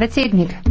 predsednik.